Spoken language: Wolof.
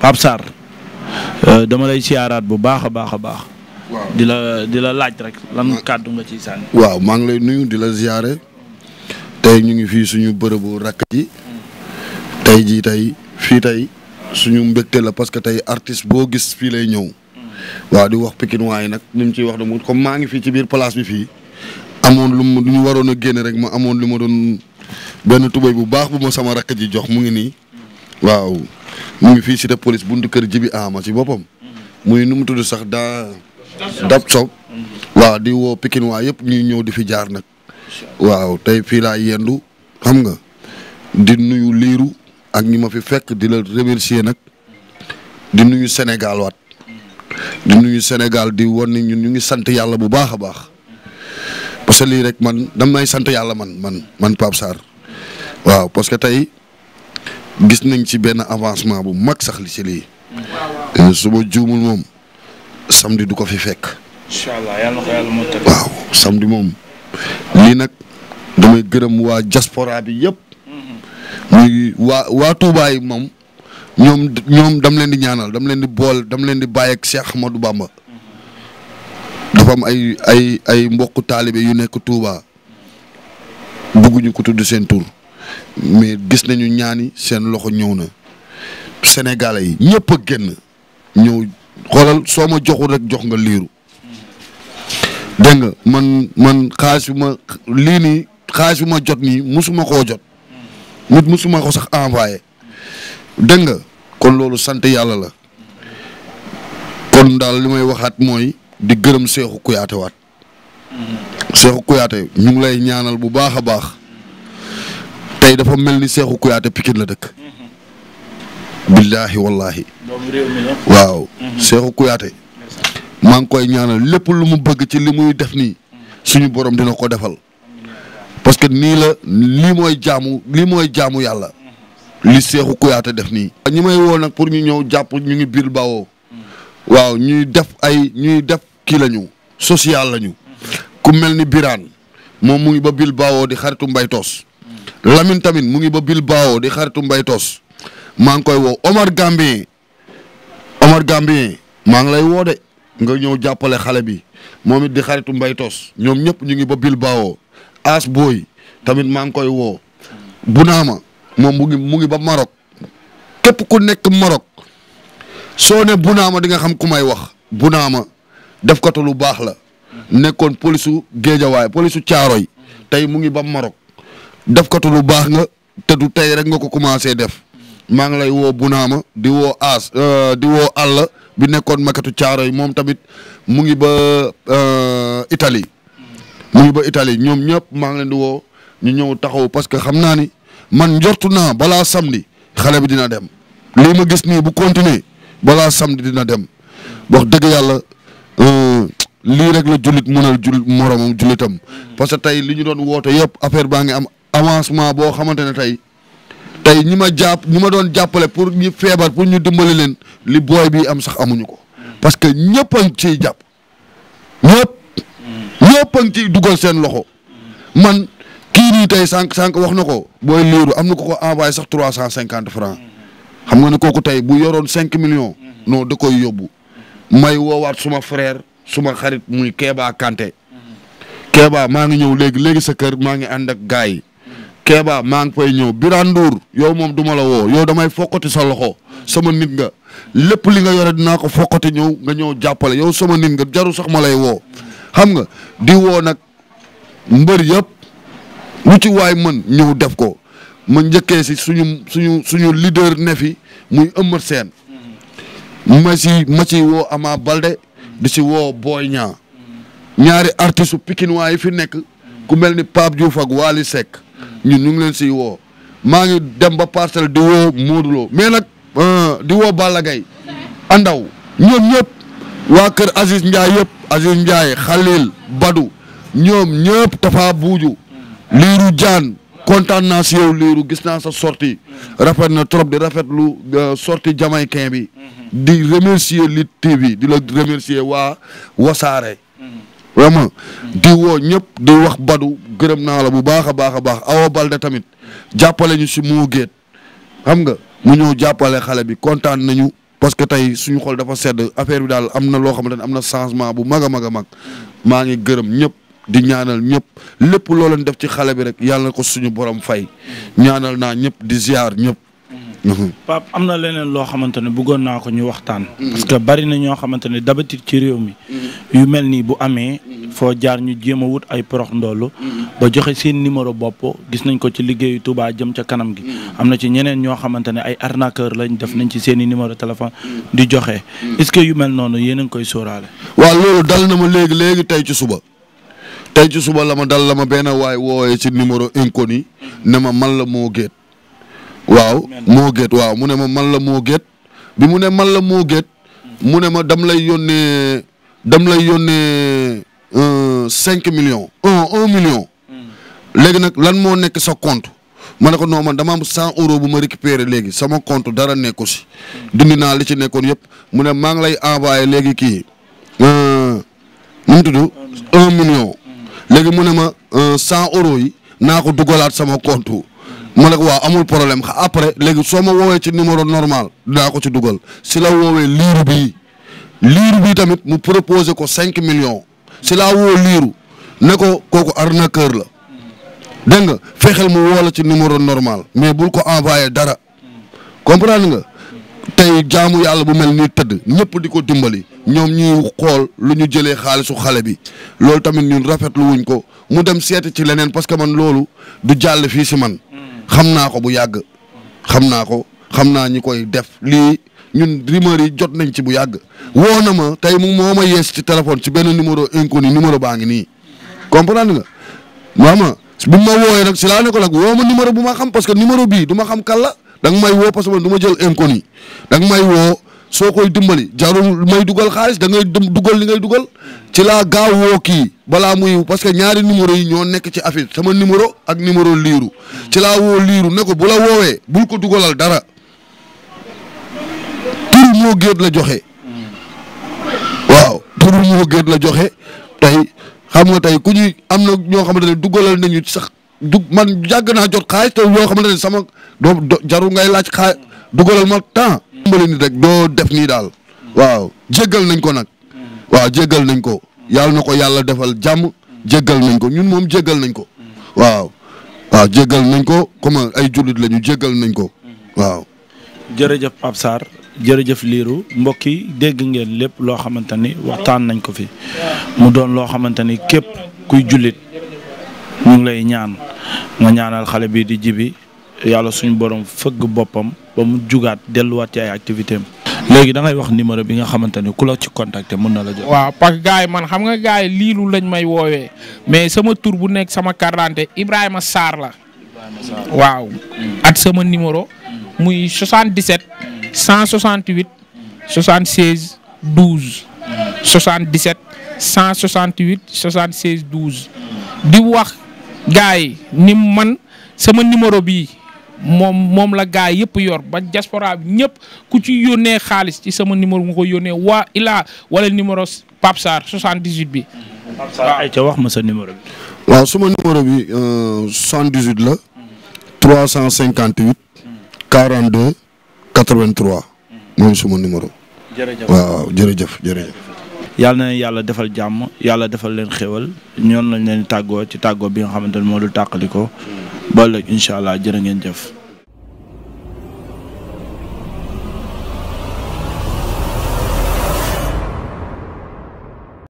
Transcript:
Pape euh, dama lay siyaaraat bu baax a baax a baax. waaw di la di la laaj rek lan kàddu nga ciy sànni. waaw maa ngi lay nuyu di la ziare tey ñu ngi fii suñu bërëbu rakk ji tey jii tey fii tey suñu mbégte la parce que tey artiste boo gis fii lay ñëw. waa di wax Pikine waaye nag ni mu ciy wax de comme maa ngi fii ci biir place bi fii amoon lu mu lu waroon a génne rek ma amoon lu ma doon benn tubéy bu baax bu ma sama rakk ji jox mu ngi nii. waaw mu ngi fii si cité police buntu kër Jibi Ama si boppam. muy nu mu tudd sax daa. dab sob waaw di woo pikin waa yëpp ñuy ñëw di fi jaar nag. waaw tey fii laa yendu xam nga di nuyu liiru ak ñi ma fi fekk di la remercier nag di nuyu Sénégal waat di nuyu Sénégal di wan ni ñun ñu ngi sant yàlla bu baax a baax parce que lii rek man damay sant yàlla man man man Pape waaw parce tey gis nañ ci benn avancement bu mag sax li ci lii. Euh, su ma juumul moom samedi du ko fi fekk. incha allah yàlla na waaw samedi moom lii nag damay gërëm waa diaspora bi yëpp. muy waa waa Touba yi moom ñoom dam leen di ñaanal dam leen di bool dam leen di bàyyi ak Cheikh Ahmadou Bamba. dafa am ay ay ay mbokku taalibe yu nekk Touba bugguñu ko tudd seen tur. mais gis nañu ñaani seen loxo ñëw na Sénégalais yi ñëpp a génn ñëw xoolal soo ma joxu rek jox nga liiru dégg man man xaalis bu ma lii nii xaalis ma jot nii musuma koo jot nit musuma ko sax envoyé dégg nga kon loolu sant yàlla la kon daal li may waxaat mooy di gërëm Cheikhou Kouyaté waat Cheikhou Kouyaté ñu ngi lay ñaanal bu baax a baax tey dafa mel ni Seexu Kuyaate Pikine la dëkk. billaahi wallaahi. doomu waaw. Mhm. Seexu Kuyaate. maa ngi koy ñaanal lépp lu mu bëgg ci li muy def nii. suñu borom dina ko defal. parce que nii la lii mooy jaamu lii mooy jaamu yàlla. li Seexu Kuyaate def nii. ñi may woo nag pour ñu ñëw jàpp ñu ngi biir bawoo. waaw ñuy def ay ñuy def kii la ñu social la ñu. ku mel ni Birane moom mu ngi ba biir bawoo di xaritu mbay toos. Lamine tamit mu ngi ba Bilbao di xaritu Mbaye maa ngi koy wo Omar Gambien Omar Gambien maa ngi lay woo nga ñëw jàppale xale bi moom it di xaritu Mbaye Tos ñoom ñëpp ñu ngi ba Bilbao As booy tamit maa ngi koy woo Bunaama moom mu ngi mu ngi ba Maroc képp ku nekk Maroc soo ne Bunaama di nga xam ku may wax Bunaama def ko te lu baax la nekkoon polisu Géejawaay polisu Caaroy tey mu ngi ba Maroc. def katu lu baax nga te du tey rek nga ko commencé def maa ngi lay woo Bunaama di woo As euh, di woo àll bi nekkoon makatu caaro yi moom tamit mu ngi ba euh, Italie mu ngi ba Italie ñoom ñëpp maa ngi leen di woo ñu ñëw taxaw parce que xam naa ni man njortu naa balaa samedi xale bi dina dem lii ma gis nii bu continuer balaa samedi dina dem wax dëgg yàlla euh, lii rek la jullit mun jul moromam jullitam parce que tey li ñu doon woote yëpp affaire baa ngi am avancement boo xamante ne tey tey ñi ma jàpp ñi ma doon jàppale pour ñu feebar pour ñu dimbali leen li booy bi am sax amuñu ko parce que ñëpp a ngi ciy jàpp ñëpp ñëpp a ngi ciy dugal seen loxo man kii nii tey sànq sànq wax na ko booy liiru am na ko ko envoyé sax trois cent cinquante francs xam nga ne kooku tey bu yoroon cinq millions non da koy yóbbu may woowaat suma frère suma xarit muy Kéba Kanté Kéba maa ngi ñëw léegi léegi sa kër maa ngi ànd ak gars yi Kéba maa ngi fay ñëw Birane Ndour yow moom du ma la woo yow damay fokkati sa loxo sama nit nga lépp li nga yore dina ko fokkati ñëw nga ñëw jàppale yow sama nit nga jaru sax ma lay woo xam nga di woo nag mbër yëpp lu waay mën ñëw def ko ma njëkkee si suñu suñu suñu leader fi muy Eumeu Sène ma si ma si woo Ama Balde di si woo Boy Niang ñaari artistes pikinois yi fi nekk ku mel ni Pape Diouf ak Wally Seck ñun ñu ngi leen siy woo maa ngi dem ba parcelle di woo Modou Lo mais nag euh, di woo Balla Gaye andaw ñoom ñëpp waa kër Aziz Ndiaye yëpp Aziz Ndiaye Khalil badu ñoom ñëpp Tafa Buuju Liiru Jaan kontaan naa si yow Liiru gis naa sa sorti rafet na trop di lu euh, sorti jamaïcain bi di remercier Lutte TV di la remercier waa Wasaare vraiment di woo ñëpp di wax badu gërëm naa la bu baax a baax a baax Awa Balde tamit jàppale ñu si moo géet xam nga mu ñëw jàppale xale bi kontaan nañu parce que tey suñu xool dafa sedd affaire bi daal am na loo xamante ne am na changement bu mag a mag a mag maa ngi gërëm ñëpp di ñaanal ñëpp lépp loo leen def ci xale bi rek yàlla ko suñu borom fay ñaanal naa ñëpp di ziar ñëpp. loo xamante ne bëggoon naa ko ñu waxtaan. parce que ñoo xamante ne d'habitude ci réew mi. Mm-hmm. yu mel nii bu amee foo jaar ñu jéem a wut ay porox ndollu ba joxe seen numéro bopp gis nañ ko ci liggéeyu tubaa jëm ca kanam gi am na ci ñeneen ñoo xamante ne ay arnaqueur lañ def nañ ci seen i numéro téléphone di joxe est yu mel noonu yéen ngi koy sóoraale waaw loolu dal na ma léegi léegi tey ci suba tey ci suba la ma dal la ma benn waay woowee ci numéro inconnu ne ma man la moo géet waaw moo géet waaw mu ne ma man la moo géet bi mu ne man la moo gét mu ne ma dam lay yónnee dam lay yónnee cinq millions un un million. léegi nag lan moo nekk sa compte ma ne ko non man dama am cent euros bu ma récupéré léegi sama compte dara nekku si. dindi naa li ci nekkoon yëpp mu ne maa ngi lay envoyé léegi kii nu mu tudd un million. léegi mu ne ma cent euro yi naa ko dugalaat sama compte. ma ne ko amul problème xa après léegi soo ma woowee ci numéro normal naa ko ci dugal si la woowee liiru bii liiru bii tamit mu proposé ko cinq millions. si laa woo liiru ne ko kooku arnaqueur la dégg nga fexeel mu woo ci numéro normal mais bul ko envoyé dara comprendre nga tey jaamu yàlla bu mel nii tëdd ñëpp di ko dimbali ñoom ñuy xool lu ñu jëlee xaalisu xale bi loolu tamit ñun rafetlu wuñ ko mu dem seeti ci leneen parce que man loolu du jàll fii si man mm. xam naa ko bu yàgg xam naa ko xam naa ñi koy def lii ñun rumeur yi jot nañ ci bu yàgg woo na ma tey mu moo ma yees ci téléphone ci benn numéro inconnu numéro baa ngi nii comprendre nga maama bi ma woowee nag si laa ne ko nag woo ma numéro bu ma xam parce que numéro bii du ma xam kan la da may woo parce que man du ma jël inconnu da may woo soo koy dimbali jarul may dugal xaalis da ngay dugal li ngay dugal ci laa gaaw woo kii balaa muy parce que ñaari numéro yi ñoo nekk ci affiche sama numéro ak numéro liiru ci laa woo liiru ne ko bu la woowee bul ko dugalal dara tur moo géet la joxe waaw tur moo géet la joxe tey xam nga tey ku ñuy am na ñoo xamante ne duggalal nañu sax dug man yàgg naa jot xaalis te ñoo xamante ne sama doom jarul ngay laaj xaay duggalal ma temps. mbali nit rek doo def nii daal waaw jéggal nañ ko nag waaw jéggal nañ ko yàlla na ko yàlla defal jàmm jéggal nañ ko ñun moom jéggal nañ ko waaw waaw jéggal ko comme ay jullit lañu jéggal nañ ko waaw. jërëjëf liiru mbokk yi dégg ngeen lépp loo xamante ni waxtaan nañ ko fi mu doon loo xamante ni képp kuy jullit ñu ngi lay ñaan nga ñaanal xale bi di jibi yàlla suñu borom fëgg boppam ba mu jugaat delluwaat ci ay activité am léegi da ngay wax numéro bi nga xamante ni ku la ci contacter mën na la jot. waaw parce que yi man xam nga gars yi liilu lañ may woowee mais sama tur bu nekk sama carte d'identité Ibrahima saar la. waaw at sama numéro. muy 77. 168 76 12 77 168 76 12 di wax gars yi ni man sama numéro bi moom moom la gars yëpp yor ba diaspora bi ñëpp ku ci yónnee xaalis ci sama numéro nga ko yónnee waa ilaa wala numéro Pape Sarr 78 bi. Pape Sarr ay ca wax ma sa numéro bi. waaw suma numéro bi 78 euh, 83. mooy suma numéro. jërëjëf waaw jërëjëf jërëjëf. yàlla na yàlla defal jàmm yàlla defal leen xéwal ñoon lañ leen tàggoo ci tàggoo bi nga xamante ne moo dul tàqali ko. ba ëllëg incha allah jërë ngeen jëf.